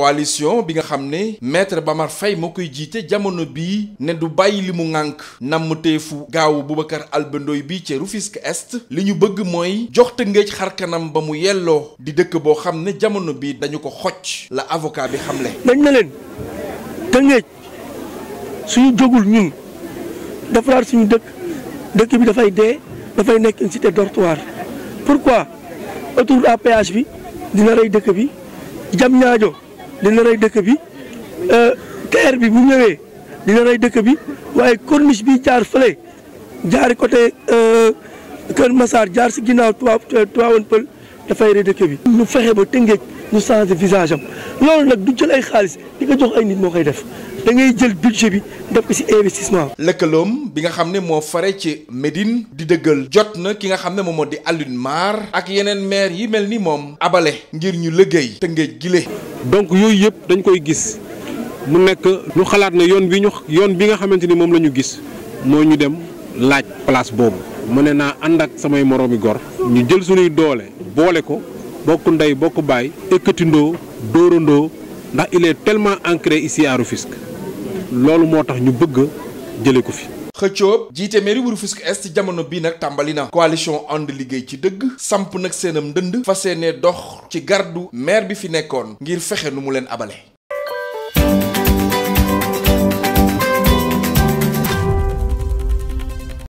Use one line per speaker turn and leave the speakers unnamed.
coalition bi nga xam ne metre ba ma Faye ma koy jiite jamono bii ne du bàyyi li mu ŋànk namm teefu gaawu Boubacar Alba Ndoye bi ca Rufisque Est li ñu bëgg mooy jox Tëngéej xar kanam ba mu yelloo di dëkk boo xam ne jamono bii dañu ko xocc la avocat bi xamle. dañ
na leen Tëngéej suñu jógul ñun defaraat suñu dëkk dëkk bi dafay dee dafay nekk une cité dortoir pourquoi autour à bi dina rey dëkk bi jam ñaajo dina rey dëkk bi euh, TER bi bu ñëwee dina rey dëkk bi waaye corniche bi jaar fële jaari côté euh, Kër Massar jaar si ginnaaw Tivaouane Peulh dafay rey dëkk bi. ñu fexe ba Tëngéej ñu changé visage am loolu nag du jël ay xaalis di jox ay nit moo koy def da ngay jël budget bi def ko si investissement lëkkaloom bi
nga xam ne moo fare ci Médine di dëggal jot na ki nga xam ne moom moo di Alioune Mar ak yeneen maire yi mel ni moom abale ngir ñu liggéey Tëngéej gile. donc yooyu yëpp dañ koy
gis mu nekk ñu xalaat ne yoon bi ñu yoon bi nga ni moom la gis ñu dem laaj place boobu mu ne naa ànd ak samay gor ñu jël suñuy doole boole ko bokk ndey bokk baay ekkatindoo ndax il est tellement
ancré ici à
Rufisque loolu moo tax ñu bëgg ko
xëccoob jiite mairie bu Rufisque Est jamono bii nag tàmbali na coalition ànd liggéey ci dëgg samp nag seenam ndënd fa seenee dox ci gardu maire bi fi nekkoon ngir fexe nu mu leen abale